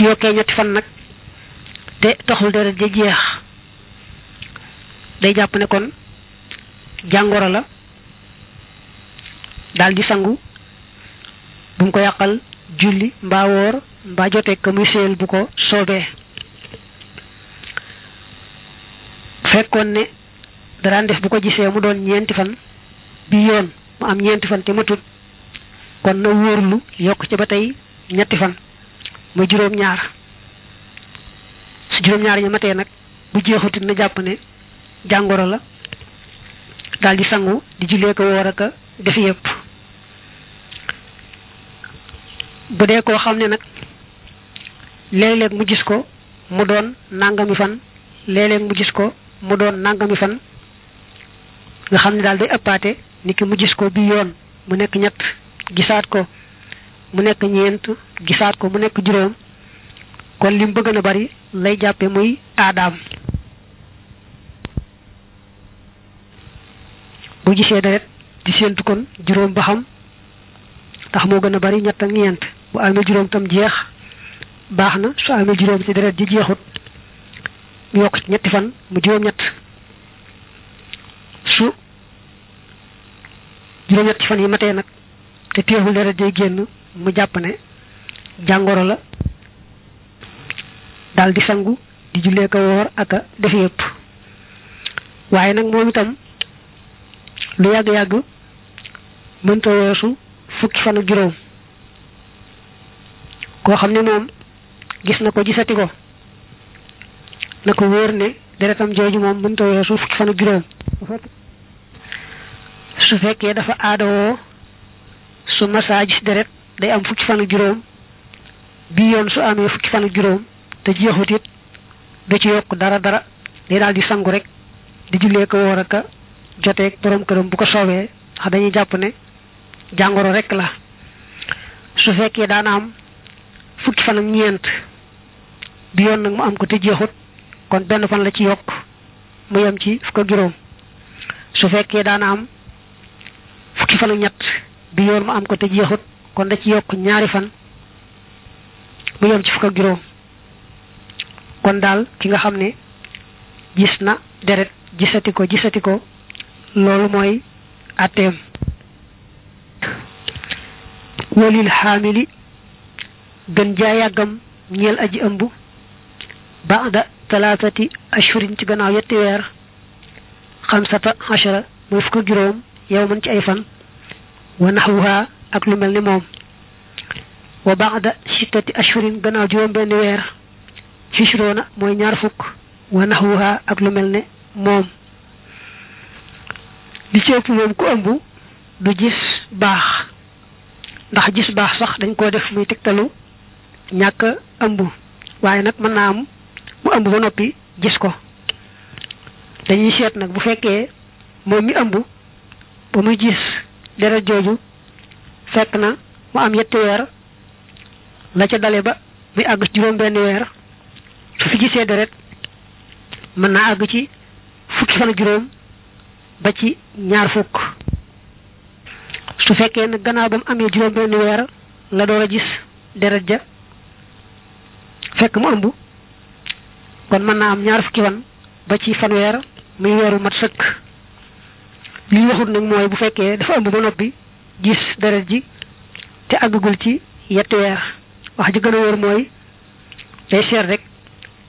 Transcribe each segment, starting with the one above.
ci yokkee ñetti fan nag te taxul deret ja jeex day jàpp ne kon jàngoro la daal di sangu bu mu ko yàqal julli mbaa woor mbaa jotee ka seel bu ko soobee fekkoon ne daraan def bu ko gisee mu doon ñeenti fan bi yoon mu am ñeenti fan te matut kon na wóorlu yokk ci ba tey ñetti fan mu juróom ñaar su juróom ñaar yi matee nag bu jeexutit na jàpp ne jàngoro la daldi sangu di jullee ko woor ak def yépp bu dee koo xam ne nag léeg mu gis ko mu doon nangami fan léeg-léeg mu gis ko mu doon nangami fan nga xam ne daal day ëppaate ni ki mu gis ko bi yoon mu nekk ñett gisaat ko mu nekk ñeent gisaat ko mu nekk juróom kon lim bëgg a bari lay jàppe mooy aadaam bu gisee deret di séentu kon juróom ba xam ndax moo gën a bari ñett ak ñeent bu amee juróom tam jeex baax na su amee juróom ci deret ji jeexut mu yokk ñetti fan mu juróom-ñett su juróom-ñett fan yi matee nag te teewul deret day génn mu jàpp ne jàngoro la daal di sangu di jullee woor ak a def yëpp waaye nag moom itam lu yàgg-yàgg mënta weesu fukki fan juróom koo xam ne moom gis na ko gisati ko na ko wóor ne deretam jooju moom mënta weesu fukki fan juróom su fekkee dafa aadawoo su masaa gis deret day am fukki fan ak bi bii yoon su amee fukki fan ak juróom te jeexut it du ci yokk dara dara day daal di sangu rek di jullee ko woor ak a joteeg këram bu ko soobee ndax dañuy jàpp ne jàngoro rek la su fekkee daana am fukki fan ak ñeent bi yoon nag mu am ko te jeexut kon benn fan la ci yokk mu yem ci fukk ak juróom su fekkee daana am fukki fan ak ñett bi yoon mu am ko te jeexut kon da ci yokk ñaari fan mu yem ci fukk ak juróom kon daal ki nga xam ne gis na deret gisati ko gisati ko loolu mooy atteem walil xaamili gën jaa yàggam ñeel aji ëmb baada talaatati ashurin ci gannaaw yetti weer xamsata achara mooy fukk ak juróom yow mën ci ay fan wa naxwuha ak lu mel ni moom wa baxda sittati ashhurin gannaaw juróom benn weer si xisroona mooy ñaar fukk wa naxwuha ak lu mel ne moom li ci ëpp moom ku ëmb du gis baax ndax gis baax sax dañ koo def muy tegtalu ñàkk ëmb waaye nag mën naa am mu ëmb ba noppi gis ko dañuy seet nag bu fekkee moom mi ëmb ba muy gis deret jooju fekk na mu am yetti weer la ca dale ba muy àgg ci juróom-benn weer su fi gisee deret mën naa àgg ci fukki fan juróom ba ci ñaar fukk su fekkee ne gannaaw ba mu amee juróom-benn weer la door a gis deret ja fekk mu ëmb kon mën naa am ñaar fukki fan ba ci fanweer muy weeru mat sëkk li ñu waxut nag mooy bu fekkee dafa ëmb ba noppi gis deret ji te àggagul ci yetti weer wax ji gën a wér mooy day seet rek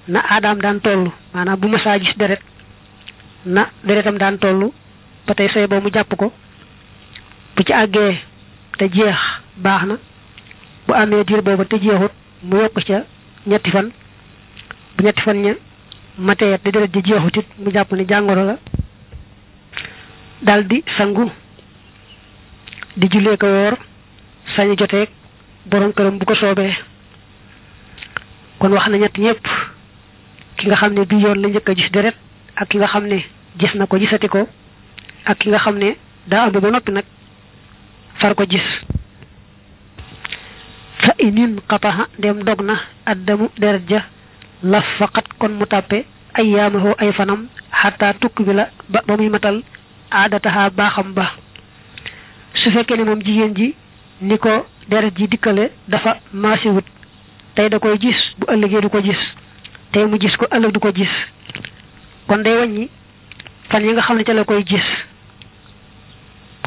na aadaam daan toll maanaam bu masaa gis deret na deretam daan toll ba tey sooy boobu mu jàpp ko bu ci àggee te jeex baax na bu amee diir booba te jeexut mu yokk ca ñetti fan bu ñetti fan ña mateet di deret ji jeexut it mu jàpp ne jàngoro la daldi sangu di jullee ko woor sañ joteeg borom këram bu ko soobee kon wax na ñett ñëpp ki nga xam ne bii yoon la njëkk a gis deret ak ki nga xam ne gis na ko gisati ko ak ki nga xam ne daa ëmb ba noppi nag far ko gis fa inin xapaxa na addamu deret ja laf faqat kon mu tàppe ay yaamaxoo ay fanam xataa tukk bi la ba muy matal aadataxaa baaxam ba su fekkee ne moom jigéen ji ni ko deret ji dikkale dafa maasiwut tey da koy gis bu ëllëgee du ko gis tey mu gis ko ëllëg du ko gis kon day wàññi fan yi nga xam ne ca la koy gis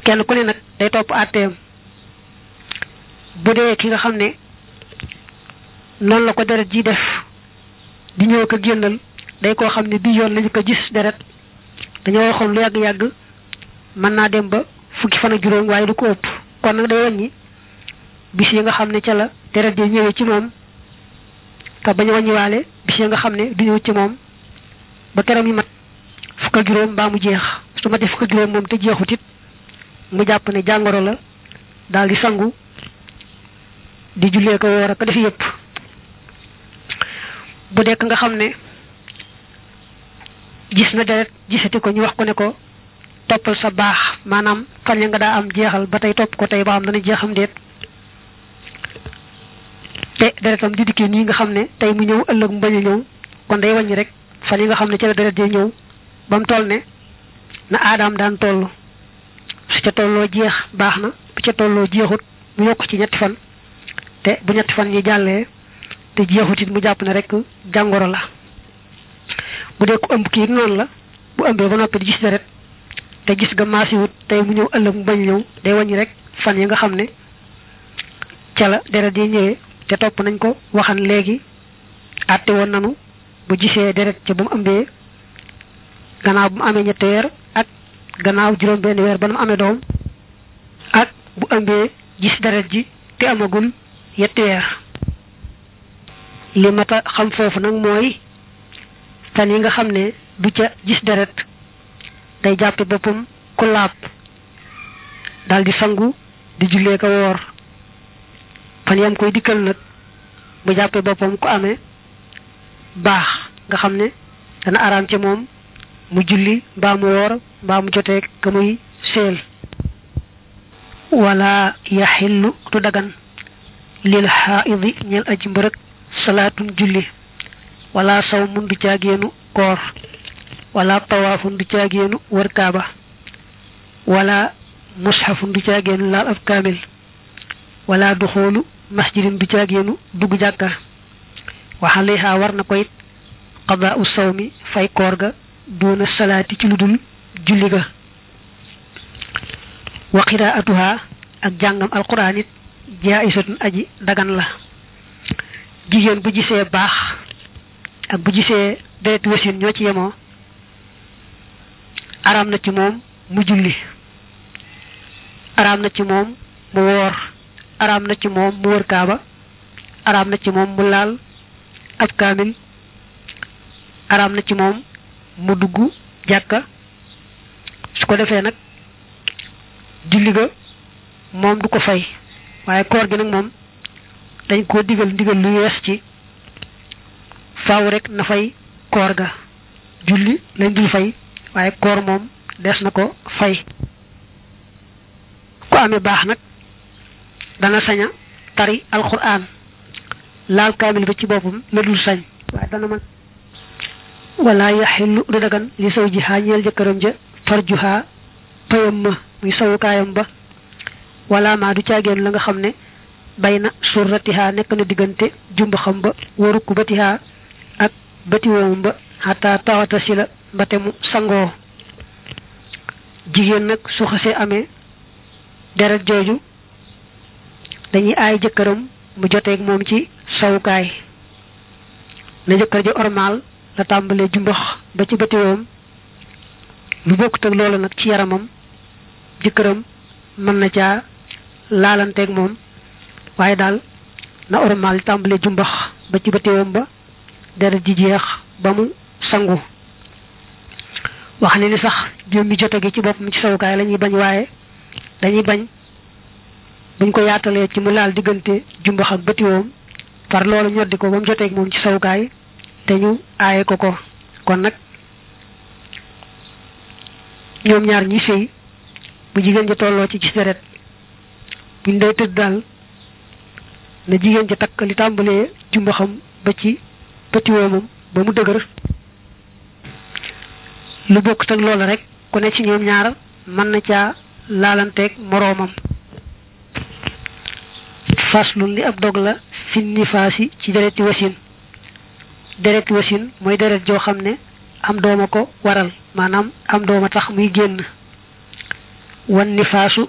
kenn ku ne nag day topp àtteem bu dee ki nga xam ne noonu la ko deret ji def di ñëw ko génnal day koo xam ne bii yoon lañu ko gis deret dañoo waxoon lu yàgg-yàgg mën naa dem ba fukki fan ak juróom waaye du ko ëpp kon nag day wàññi bis yi nga xam ne ca la deret yi ñëwee ci moom te bañ a wàññiwaale bis yi nga xam ne du ñëw ci moom ba keram yi mat fukk ak juróom mbaa mu jeex su ma fukk ak juróom moom te jeexut it mu jàpp ne jàngoro la daal di sangu di jullee ko woor a def yëpp bu dekk nga xam ne gis na deret gisati ko ñu wax ko ne ko toppal sa baax maanaam fan ya nga daa am jeexal ba tey topp ko tey ba am dana jeexam déet te deretam di dikkee nii nga xam ne tey mu ñëw ëllëg mu bañ ñëw kon day wàññi rek fan yi nga xam ne ca la deret dee ñëw toll ne na aadaam daan toll su ca tolloo jeex baax na bu ca tolloo jeexut mu yokk ci ñetti fan te bu ñetti fan yi jàllee te jeexut it mu jàpp ne rek jàngoro la bu dee ku ëmb kii noonu la bu ëmbee ba noppi di gis deret te gis nga maasiwut tey mu ñëw ëllëg mu bañ ñëw day wàññi rek fan yi nga xam ne ca la deret yi ñëwee te topp nañ ko waxan léegi àtte woon nanu bu gisee deret ca bu mu ëmbee ganaaw bu mu amee ñetti weer ak gannaaw juróom benn weer ba mu amee doom ak bu ëmbee gis deret ji te amagul yetti weer li mata xam foofu nag mooy fan yi nga xam ne du ca gis deret day jàppe boppam ku laab daal di sangu di jullee ko woor fan yam koy dikkal nag bu jàppe boppam ku amee baax nga xam ne dana araam ci moom mu julli mbaa mu woor mbaa mu jotee ka muy seel wala yaxillu du dagan lil xaaidi ñel aji mbërëg salaatun julli wala saw mun du caageenu koor wala tawaafun du caageenu wër wala mushafun du caageenu laal ab kaamil wala du xoolu masjidin du caageenu dugg jàkka waxaleha war na ko it qadaa u saw mi fay koor ga doona salaati ci lu dul julli ga wa qiraatuha ak jàngam alquran it jaisatun aji dagan la jigéen bu gisee baax ak bu gisee deret wesin ñoo ci yemoo araam na ci moom mu julli araam na ci moom mu woor araam na ci moom mu wër araam na ci moom mu laal aj kaamil araam na ci moom mu dugg jàkka su ko defee nag julli ga moom du ko fay waaye koor gi nag moom dañ ko digal lu yees ci faaw rek na fay koor ga julli lañ dul fay waaye koor moom des na ko fay ku amee baax nag dana saña tari alquran laal kaamil ba ci boppam la dul sañ waaye dana mën wala yaxillu du dagan li saw jihaa ñeel jëkkëram ja farjuhaa payam ma muy sawukaayam ba wala maa du caageen la nga xam ne bay na surratihaa nekk na diggante jumba xam ba waruku batihaa ak batiwoom ba xataa tawata la ba te mu sangoo jigéen nag su xasee amee deret jooju dañuy ay jëkkëram mu joteeg moom ci sawukaay na jëkkër ji ormaal la tàmbalee jumbox ba ci bëtiwoom lu bokkut ak loolu nag ci yaramam jëkkëram mën na caa laalanteeg moom waaye daal na ormaal tàmbalee jumbox ba ci bëtiwoom ba deret ji jeex ba mu sangu wax ne ni sax jëmmi jote gi ci boppam ci sowukaay lañuy bañ waaye dañuy bañ buñ ko yaatalee ci mu laal diggante jumbax ak bëtiwoom par loolu ñoddi ko ba mu joteeg moom ci sowukaay te aaye ko ko kon nag ñoom ñaar ñi sëy bu jigéen ji tolloo ci ci deret buñ dee tëdd daal na jigéen ji takk li tàmbalee jumbaxam ba ci bëtiwoomam ba mu dëgër lu bokk ak loolu rek ku ci ñoom ñaar mën na caa laalanteeg moroomam fas faslun ni ab dog la fi nifaasi ci dereti wasin dereti wasin mooy deret joo xam ne am dooma ko waral maanaam am doom a tax muy génn wan nifaasu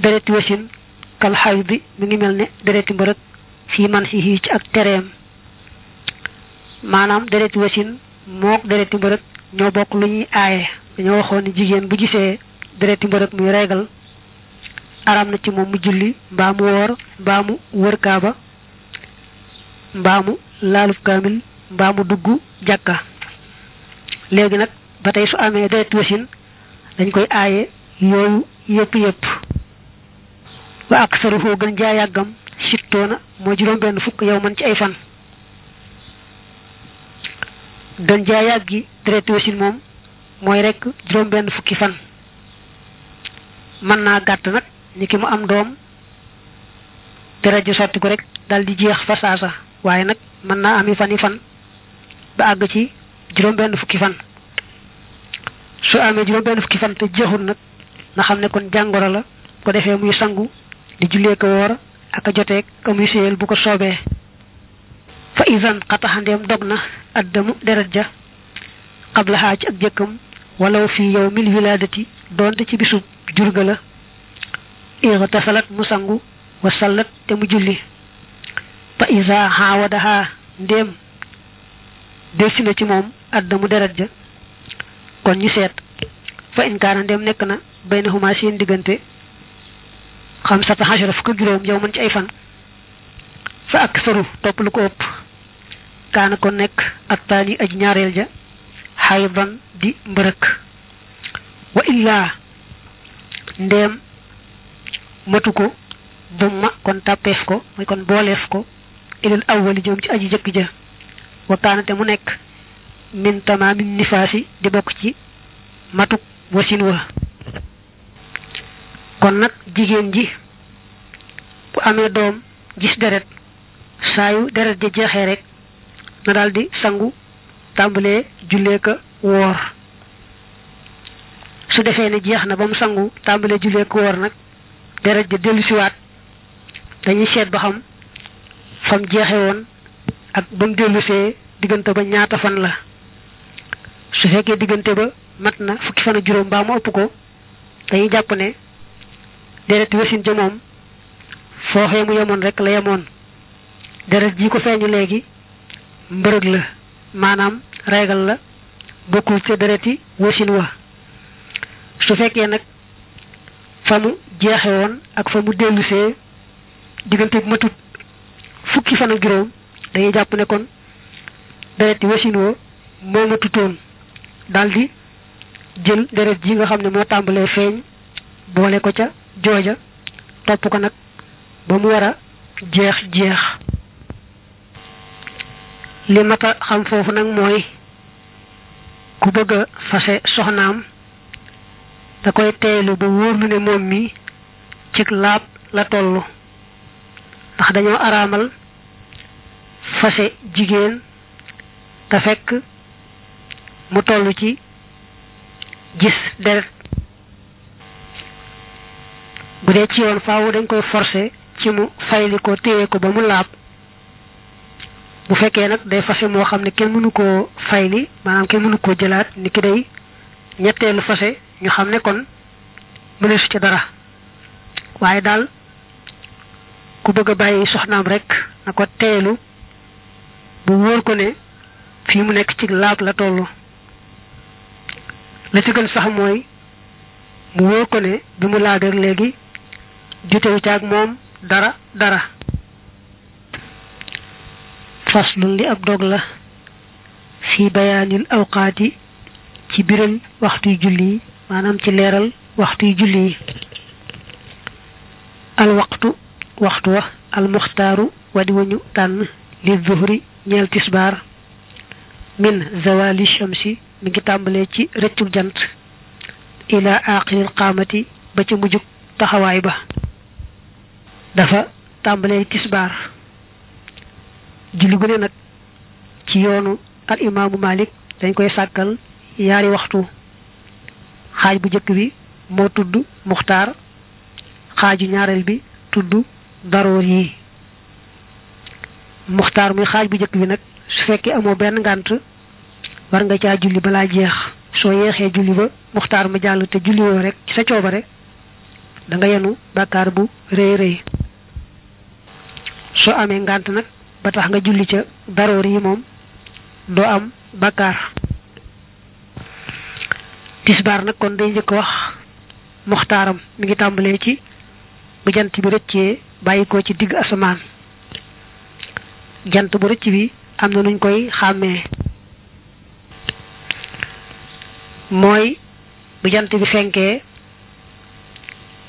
dereti wasin kal xayu bi mu ngi mel ne dereti mbërëg fii man si ci ak tereem maanaam dereti wasin mook dereti mbërëg ñoo bokk lu ñuy aaye dañoo waxoon ni jigéen bu gisee dereti mbërëg muy reegal araam na ci moom mu julli mbaa mu woor mbaa mu wër kaaba mbaa mu kaamil mbaa mu dugg jàkka léegi nag ba tey su amee dereti wasin dañ koy aaye yooyu yëpp yëpp wa ak saruhoo gën jaa yàggam sittoona moo juróom benn fukk yow man ci ay fan gën jaa yàgg gi deretu wasin moom mooy rek juróom benn fukki fan mën naa gàtt nag ni ki mu am doom deret ji sotti ko rek dal di jeex fa saasa waaye nag mën naa ami fan fan ba àgg ci juróom benn fukki fan su amee juróom benn fukki fan te jeexul nag na xam ne kon jàngoro la ko defee muy sangu di jullee ko woor ak a joteeg amuy séyal bu ko soobee fa isan xataxandeem dog na addamu deret ja qablaha ci ak jëkkam walaw fi yawmil wilaadati doonte ci bisu jurga la igtasalat mu sangu wa sallat te mu julli fa isa xaawadaha ndéem delsi na ci moom addamu deret ja kon ñu seet fa in kaana ndéem nekk na baynahuma seen diggante xam sata xasara fukk juróom yow mën ci ay fan fa ak saru topp lu ko ëpp kaana kon nekk attaani aj ñaareel ja xaydan di mbërëk wa illaa ndeem matu ko dumma kon tàppeef ko mooy kon booleef ko ilal awwali jëm ci aji jëkk ja wakaanate mu nekk min tamaami nifaasi di bokk ci matuk wasin wa kon nag jigéen ji bu amee doom gis deret saa deret ja jeexee rek na daldi sangu tàmbalee jullee ko woor su defee ne jeex na ba mu sangu tàmbalee jullee ko woor nag deret ja dellu siwaat dañuy seet ba xam fam jeexe woon ak ba mu dellusee diggante ba ñaata fan la su fekkee diggante ba mat na fukki fan ak juróom mbaa mu ëpp ko dañuy jàpp ne deret wesin ja moom fooxee mu yemoon rekk la yemoon deret ji ko feeñu léegi mbërëg la maanaam reegal la bokkul ca yi wasin wa su fekkee nag fa mu jeexe woon ak fa mu dellusee diggante bu matut fukki fan ak juróom dañuy jàpp ne kon dereti wasin wa moo matutoon daldi jël deret ji nga xam ne moo tàmbalee feeñ boole ko ca jooja topp ko nag ba mu war a jeex jeex li mata xam foofu nag mooy ku bëgg a fase soxnaam da koy teelu ba wóor lu ne moom mi cig laab la toll ndax dañoo araamal fase jigéen te fekk mu toll ci gis deret bu dee ci yoon faawu dañ koy forcé ci mu fayli ko téye ko ba mu laab bu fekkee nag day fase moo xam ne kenn mënu koo fay li maanaam kenn mënu koo jëlaat ni ki day ñetteelu fase ñu xam ne kon mëne su ci dara waaye daal ku bëgg a bàyyi soxnaam rek na ko teelu bu wóor ko ne fii mu nekk ci laab la toll la ci gën sax mooy mu wóor ko ne bi mu laabee léegi jotewu ak moom dara dara faslun li ab dog la fi bayaanil awqaati ci biral waxtuy julli yi maanaam ci leeral waxtuy julli yi alwaqtu waxtu wa almuxtaaru wadi wañu tànn li zuhri ñeel tisbaar min zawali shamsi mi ngi tàmbalee ci rëccub jant ila aaxiril qaamati ba ci mujjug taxawaay ba dafa tàmbalee tisbaar julli gu ne nag ci yoonu al imaamu malik dañ koy sàkkal yaari waxtu xaaj bu njëkk bi moo tudd muxtaar xaaju ñaareel bi tudd daroor yi muxtaar muy xaaj bu njëkk bi nag su fekkee amoo benn ngànt war nga caa julli balaa jeex soo yeexee julli ba muxtaar ma jàll te julli woo rek ci sa coobare da nga yenu bàkkaar bu rëy rëy soo amee ngànt nag ba tax nga julli ca daroor yi moom doo am bakkaar tisbaar nag kon day njëkk wax muxtaaram mu ngi tàmbalee ci bu jant bi rëccee bàyyikoo ci digg asamaan jant bu rëcc bi am na nuñ koy xàmmee mooy bu jant bi fenkee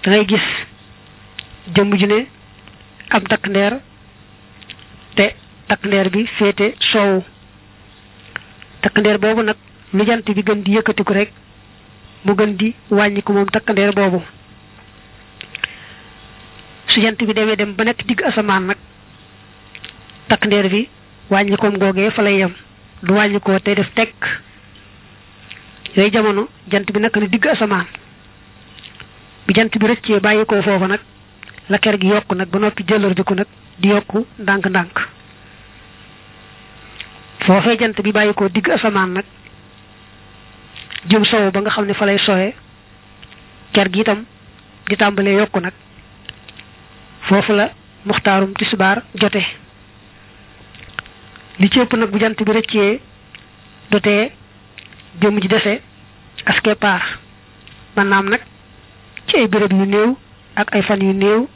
dangay gis jëmm ju ne am takk ndeer te takk ndeer bi féete soow takk ndeer boobu nag lu jant bi gën di yëkkatiku rek mu gën di wàññiku moom takk ndeer boobu su jant bi demee dem ba nekk digg asamaan nag takk ndeer bi wàññikoom googee fa lay yem du wàññikoo tey def teg yooyu jamono jant bi nekk na digg asamaan bu jant bi rëccee bàyyi ko foofa nag la ker gi yokk nag ba noppi jëllar di ko nag di yokk ndànk-ndànk foofee jant bi bàyyi digg asamaan nag jëm sow ba nga xam ne fa lay ker gi itam di tàmbalee nag foofu la muxtaarum tisbaar jote li cëpp nag bu jant bi rëccee dotee jëm ji dese aske paar maanaam nag ci ay bërëb yu néew ak ay fan yu néew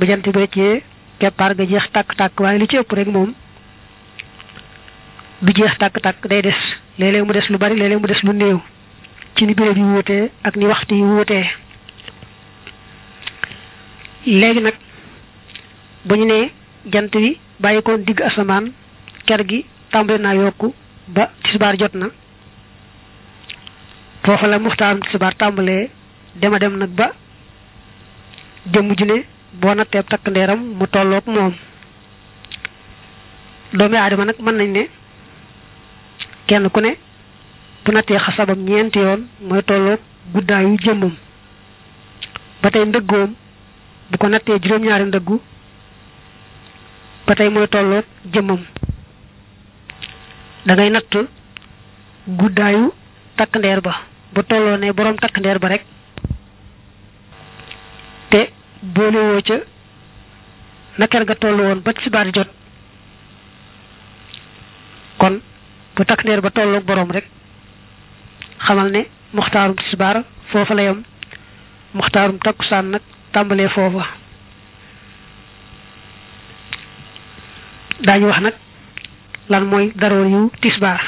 bu jant bi rëccee keppaar ga jeex tàkk-tàkk waaye li ci ëpp rek moom bi jeex tàkk-tàkk day des léeg-léeg mu des lu bari léeg-léeg mu des lu néew ci ni béréb yi ak ni waxtu yi wuutee léegi nag ba ñu nee jant bi bàyyi koon digg asamaan ker gi tàmbali naa yokk ba tisbaar jot na foofa la muxtaaram tisbaar tàmbalee dema dem nag ba jëmm ju ne boo natteeb takk ndeeram mu tolloog moom doomi aadama nag mën nañ ne kenn ku ne bu nattee xasabam ñeenti yoon mooy tolloog guddaayu jëmmam ba tey ndëggoom bu ko nattee juróom-ñaari ndëggu ba tey mooy tolloog jëmmam dangay ngay natt guddaayu takk ndeer ba bu tolloo ne boroom takk ndeer ba rek te boolewoo ca naker ga toll woon ba tisbaar jot kon bu takneer ba tolloog boroom rek xamal ne muxtaarum tisbaar foofa la yam muxtaarum takkusaan nag tàmbalee foofa daañu wax nag lan mooy daroor yu tisbaar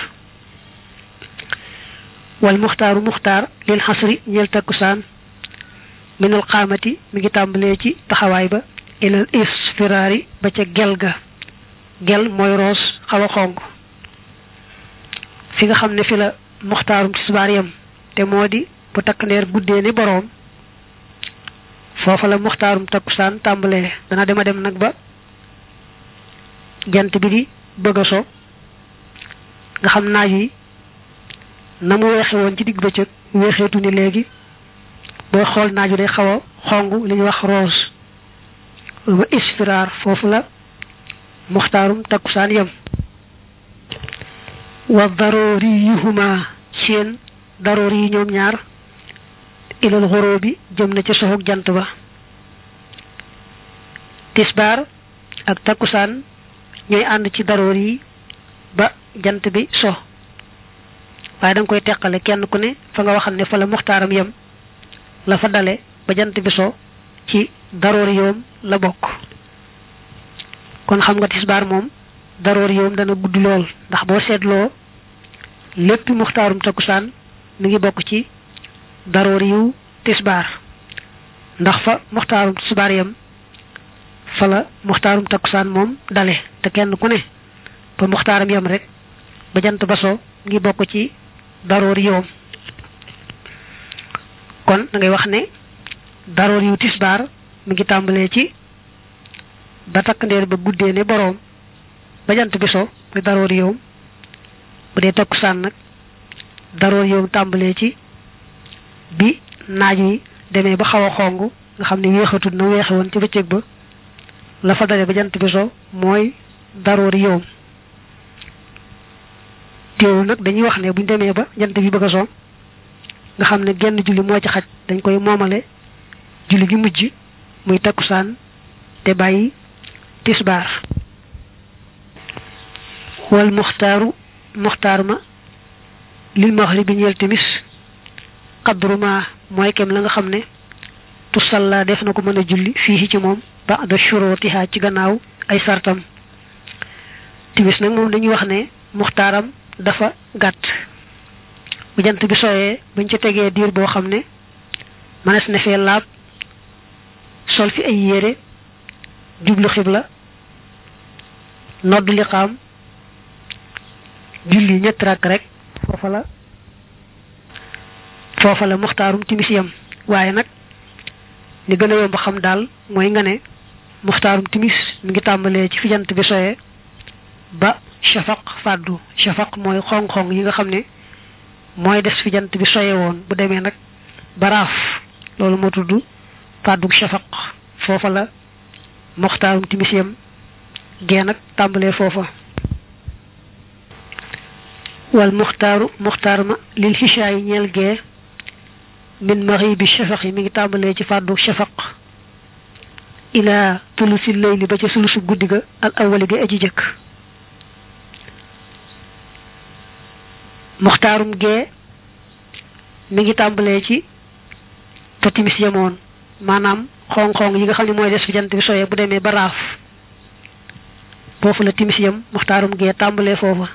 wal muxtaaru muxtaar lil xasri ñeel takkusaan minal xaamati mi ngi tàmbalee ci taxawaay ba ilal isfiraari ba ca gel ga gel mooy roos xaw a xong fi nga xam ne fi la muxtaarum tisbaar yam te moo di bu takk ndeer guddee ni boroom foofa la muxtaarum takkusaan tàmbalee dana dema dem nag ba jant bi di bëgg a nga xam naaj yi na mu weexe woon ci digg bëccëg weexeetu ni léegi booy xool naaju day xaw a xong li ñuy wax rose ma isfiraar foofu la muxtaarum takkusaan yam wa darooriyuhuma seen daroor yi ñoom ñaar ilal xoroo bi jëm na ci soxog jant ba tisbaar ak takkusaan ñooy ànd ci daroor yi ba jant bi so waaye danga koy teqale kenn ku ne fa nga waxal ne fa la muxtaaram yam la fa dale ba jant bi so ci daroor yoom la bokk kon xam nga tisbaar moom daroor yoom dana guddi lool ndax boo seetloo léppi muxtaarum takkusaan mi ngi bokk ci daroor yu tisbaar ndax fa muxtaarum tisbaar yam fa la takkusaan moom dale te kenn ku ne ba muxtaaram yam rek ba jant ba so ngi bokk ci daroor yoom kon da ngay wax ne daroor yu tisbaar mu ngi tàmbalee ci ba takk ndeer ba guddee ne boroom ba jant bi so muy daroor yoom bu dee takkusaan nag daroor yoom tàmbalee ci bi naaj yi demee ba xaw a xong nga xam ne weexatul na weexe woon ci bëccëg ba la fa ba jant bi so mooy daroor yoom teewul nag dañuy wax ne buñ demee ba jant bi bëgg a so nga xam ne genn julli moo ci xaj dañ koy moomale julli gi mujj muy takkusaan te bàyyi tisbaar wal muxtaaru muxtaar ma lil maxribi ñeel timis xadru ma mooy kem la nga xam ne tusalla def na ko mën a julli fii ci moom ba da shurootiha ci gannaaw ay sartam timis nag moom dañuy wax ne muxtaaram dafa gàtt bu jant bi sooyee buñ ci tegee diir boo xam ne mënees na fee laab sol fi ay yére jublu xibla noddu liqaam julli ñett rakk rek foofa la foofa la muxtaarum timis yam waaye nag li gën a yomb xam daal mooy nga ne muxtaarum timis mu ngi tàmbalee ci fijant bi soyee ba shafaq fàddu shafaq mooy xong-xong yi nga xam ne mooy des fi jant bi soye woon bu demee nag baraaf loolu moo tudd pàddug shafaq foofa la moxtaarum timis gee nag tàmbalee foofa wal muxtaaru muxtaar ma lil xishaa yi ñeel gee min maghribi shafaq yi mi ngi tàmbalee ci fàddug shafaq ilaa tulusi layli ba ca su guddi ga al awali ga aji jëkk muxtaarum gee mi ngi tàmbalee ci te timis yemoon maanaam xong-xong yi nga xam ne mooy des fi jant bi soyee bu demee ba raaf foofu la timis yem muxtaarum gee tàmbalee foofa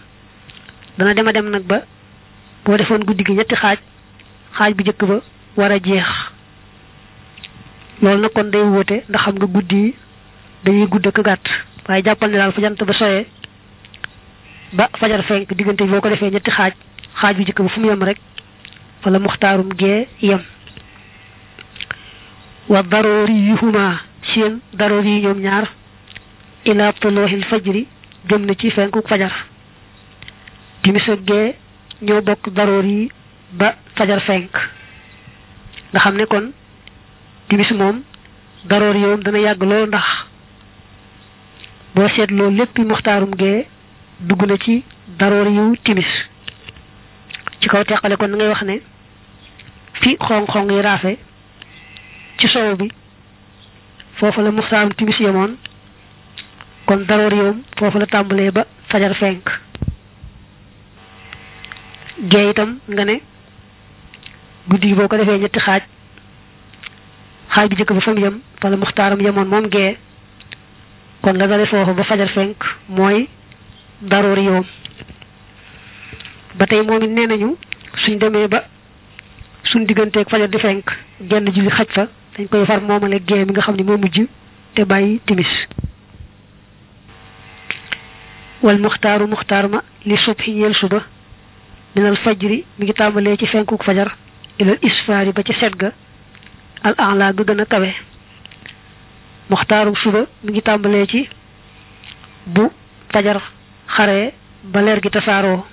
dana dem a dem nag ba boo defoon guddi gi ñetti xaaj xaaj bu njëkk ba war a jeex loolu nag kon day wóote ndax xam nga guddi dañuy gudd ak gàtt waaye jàppal ne daal fa jant ba soyee ba fajar fenk diggante bi boo ko defee ñetti xaaj xaaj bu njëkk ba fu mu yem rek wala muxtaarum gee yem wa daroori yuhuma seen daroori yi ñoom ñaar ila tuluuxil fajri jëm na ci fenku fajar timis ak gee ñoo bokk daroori yi ba fajar fenk nga xam ne kon timis moom daroori yoom dana yàgg lool ndax boo seetloo lépp muxtaarum gee dugg na ci daroori yu timis ci kaw teqale kon ngay wax ne fi xong-xong yi raafe ci sow bi foofu la muxtaam timis yemoon kon daroor yowm foofu la tàmbalee ba fajar fenk gee itam nga ne guddi gi boo ko defee ñetti xaaj xaaj bi jëkk ba fa mu yem fa la muxtaaram yemoon moom gee kon la dale foofu ba fajar fenk mooy daroor yowm ba tey moom it nee nañu suñ demee ba suñ digganteeg fajar di fenk genn julli xaj fa dañ koy far moomale gée mi nga xam ne moo mujj te bàyyi timis wal muxtaaru muxtaar ma li subhi ñeel suba minal fajri mi ngi tàmbalee ci fenkuk fajar ilal isfaari ba ci set ga al ala ga gën a kawe muxtaaru suba mi ngi tàmbalee ci bu fajar xare ba leer gi tasaaroo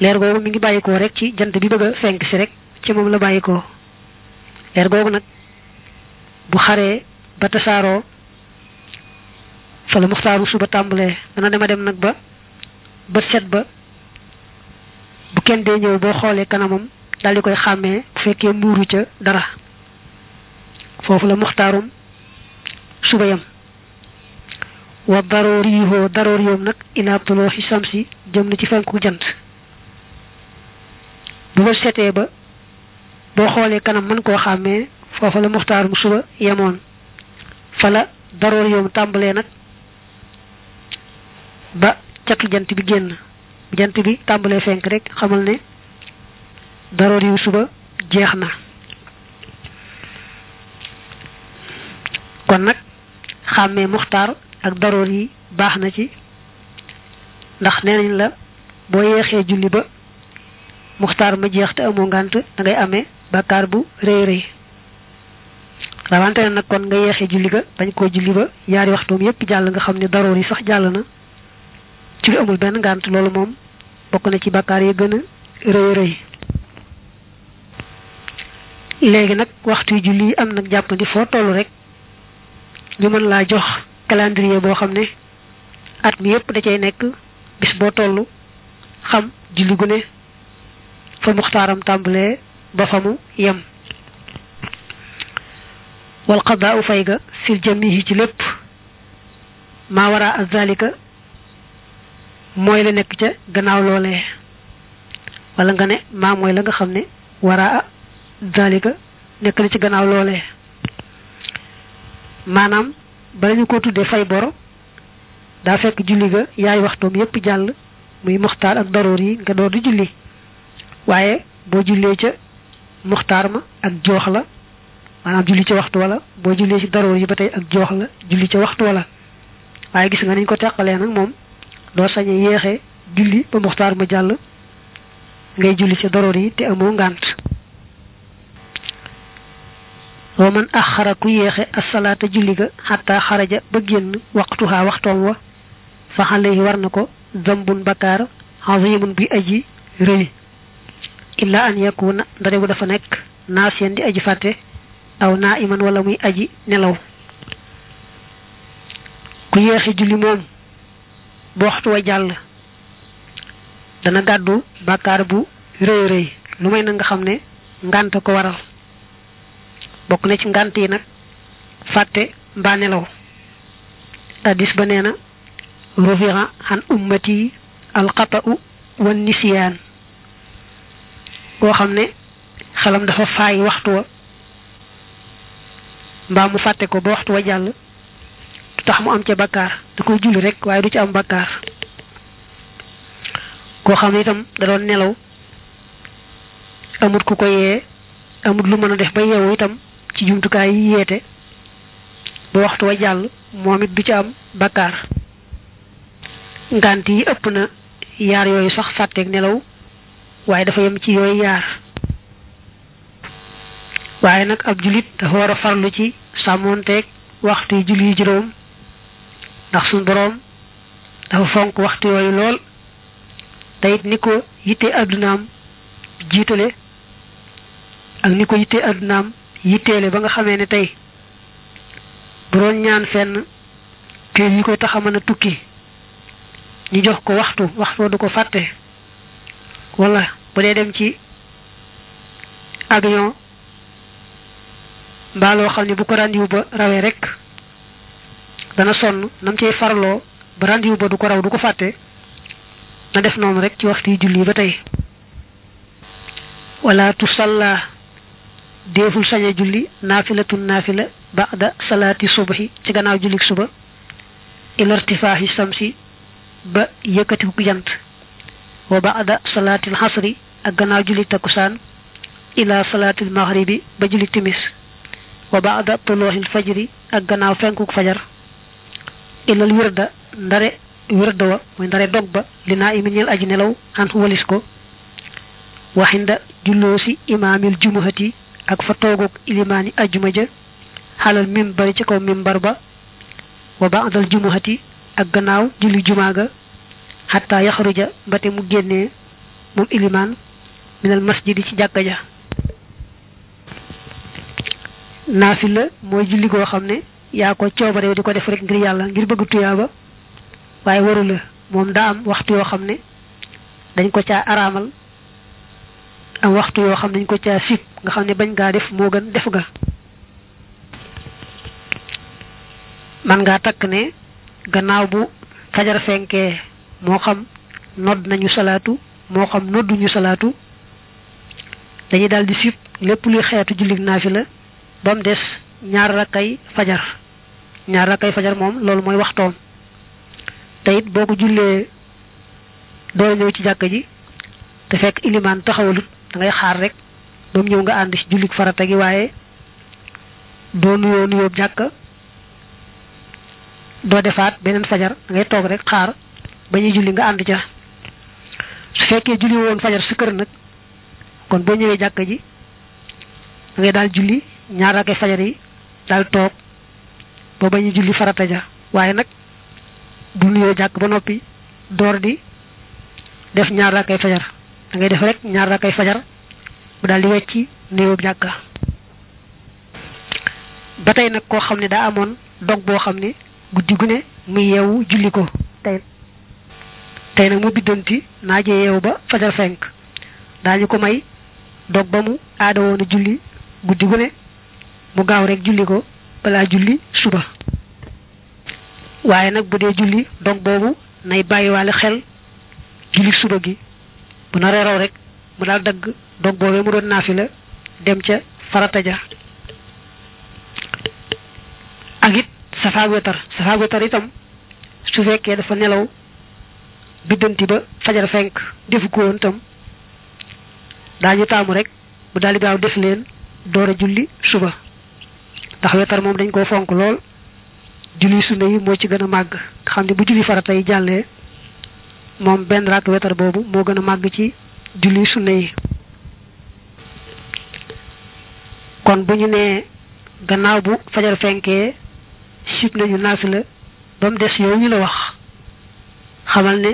leer googu mi ngi bàyyikoo rek ci jant bi bëgg a fenk si rek ci moom la bàyyikoo leer googu nag bu xaree ba tasaaroo fa la muxtaaru suba tàmbalee dana dema dem nag ba bët set ba bu kenn dee ñëw boo xoolee kanamam daal di koy xàmmee bu fekkee muuru ca dara foofu la muxtaarum suba yam wa daroor yihoo daroor yoom nag inaabtuloo xi samsi jëm na ci fenku jant bu ba setee ba boo xoolee kanam man koo xàmmee foofa la mu suba yemoon fa la daroor yoom tàmbalee nag ba catu jant bi génn bu jant bi tàmbalee fenk rek xamal ne daroor yu suba jeex na kon nag xàmmee muxtaar ak daroor yi baax na ci ndax nee la boo yeexee julli ba muxtaar ma jeex te amoo ngànt da ngay amee bàkkaar bu rëy rëy rawante na nag kon nga yeexee julli ga bañ koo julli ba yaari waxtoom yépp jàll nga xam ne daroor yi sax jàll na ci lu amul benn ngànt loolu moom bokk na ci bàkkaar yi gën a rëy rëy léegi nag waxtu julli yi am nag jàppandi foo toll rek ñu mën laa jox calendrier boo xam ne at mi yépp da cay nekk bis boo toll xam julli gu ne fa muxtaaram tàmbalee ba fa mu yem wal qadaa u fay ga fil jamihi ci lépp maa wara azalika mooy la nekk ca gannaaw loolee walla nga ne maa mooy la nga xam ne wara dalika nekk na ci gannaaw loole maanaam bala ñu ko tuddee fay boro daa fekk julli ga yaay waxtoom yépp jàll muy muxtaar ak daroor yi nga door di julli waaye boo jullee ca muxtaar ma ak joox la maanaam julli ca waxtu wala boo jullee ci daroor yi ba tey ak joox la julli ca waxtu wala waaye gis nga niñ ko teqalee nag moom doo sañ yéexe julli ba muxtaar ma jàll ngay julli ca daroor yi te amoo ngànt wa man axara ku yéexe asalaata julli ga xataa xaraja ba génn waxtuhaa waxtoom wa fa alayhi war na ko zambun bakkaar azimun bi aji rëy illa an yakuna ndare bu dafa nekk naasiyan di aji fàtte aw naa iman wala muy aji nelaw ku yéexi julli moom bu waxtu wa jàll dana gàddu bàkkaar bu rëy rëy lu may na nga xam ne ngànt ko waral bokk na ci ngànt yi nag fàtte mbaa nelaw addis ba nee na rufira an ummati alxata'u wan nisiyaan koo xam ne xelam dafa faay waxtu wa mbaa mu fàtte ko ba waxtu wa jàll du tax mu am ca bakkaar da koy julli rek waaye du ci am bakkaar koo xam ne itam da doon nelaw amut ku ko yee amut lu mën a def ba yeewu itam ci jumtukaay yi yeete ba waxtu wa jàll moom it du ci am bakkaar ngànt yi ëpp na yaar yooyu sax fàtteeg nelaw waaye dafa yem ci yooyu yaar waaye nag ab jullit dafa war a farlu ci sàmmoonteeg waxtu julli juróom ndax suñu boroom dafa fonk waxtu yooyu lool te it ni ko yitte addunaam jiitale ak ni ko yitte addunaam yitteele ba nga xamee ne tey bu doon ñaan fenn kër yi koy tax a mën a tukki ñu jox ko waxtu waxtu du ko fàtte wala bu dee dem ci avion mbaa loo xam ne bu ko rendiwu rawee rek dana sonn nam cey farlo ba rendiwu du ko raw du ko fàtte na def noonu rek ci waxtu yi julli ba tey wala tusalla déeful sañ a julli naafilatun naafila ba'da salaati subhi ci gannaaw jullik suba ilartifaahi samsi ba yëkkatiku jant wa baada salaatil xasri ak gannaaw julli takkusaan ila salaatil maxribi ba julli timis wa baada tulooxil fajri ak gannaaw fenkuk fajar ilal wirda ndare wirda wa ndare dog li naa imi ñeel aji nelaw an walis ko waxinda julloo si imaamil jumuhati ak fa tooguk ilimaani ajjuma ja xalal mimbari ci kaw mimbar ba wa baadal jumuhati ak gannaaw julli jumaa xataa yaxruja ja te mu génnee moom ilimaan minal masjidi ci jàkka ja la mooy julli goo xam ne yaa ko coobarew di ko def rek ngir yàlla ngir bëgg tuyaaba waaye waru la moom daa am waxtu yoo xam ne dañ ko caa araamal am waxtu yoo xam ne dañ ko caa sib nga xam ne bañ ngaa def moo gën def nga man ngaa takk ne gannaaw bu fajar fenkee moo xam nodd nañu salaatu moo xam nodduñu salaatu dañuy daal di sib lépp luy xeetu jullig naafila la mu des ñaar rakkay fajar ñaar rakkay fajar moom loolu mooy wax te it boo ko jullee doo ñëw ci jàkk ji te fekk ilimaan taxawalut da xaar rek ba ñëw nga ànd ci jullig farata gi waaye doo nuyoo nuyoo jàkka doo defaat beneen fajar dangay ngay toog rek xaar ba ñuy julli nga ànd ca su fekkee julli woon fajar sa kër nag kon boo ñëwee jàkka ji da ngay daal julli ñaar rakkee fajar yi daal toog ba ba ñuy julli farata ja waaye nag bu nuyoo jàkk ba noppi door di def ñaar rakkee fajar dangay ngay def rek ñaar rakkee fajar bu daal di wecci nuyoo jàkk ba tey nag koo xam ne daa amoon dog boo xam ne guddi gu ne muy yeewu julli ko tey tey nag mu biddanti naaje yeew ba fajar fenk daañu ko may dog ba mu aada woon julli guddi gu ne mu gaaw rek julli ko balaa suba waaye nag bu dee julli dog boobu nay bàyyiwaale xel julli suba gi bu naree raw rek mu daal dagg dog boobee mu doon naafi la dem ca farata ja ak it safaag wetar safaag wetar itam su fekkee dafa nelaw biddanti ba fajar fenk defu ko woon tam daañu taamu rek bu daal di gaaw def leen door a julli suba ndax wetar moom dañ koo fonk lool julli sunna yi moo ci gën a màgg xam ne bu julli farata yi jàllee moom benn rakk wetar boobu moo gën a màgg ci julli sunna yi kon bu ñu nee gannaaw bu fajar fenkee sib nañu naafila ba mu des yow ñu la wax xamal ne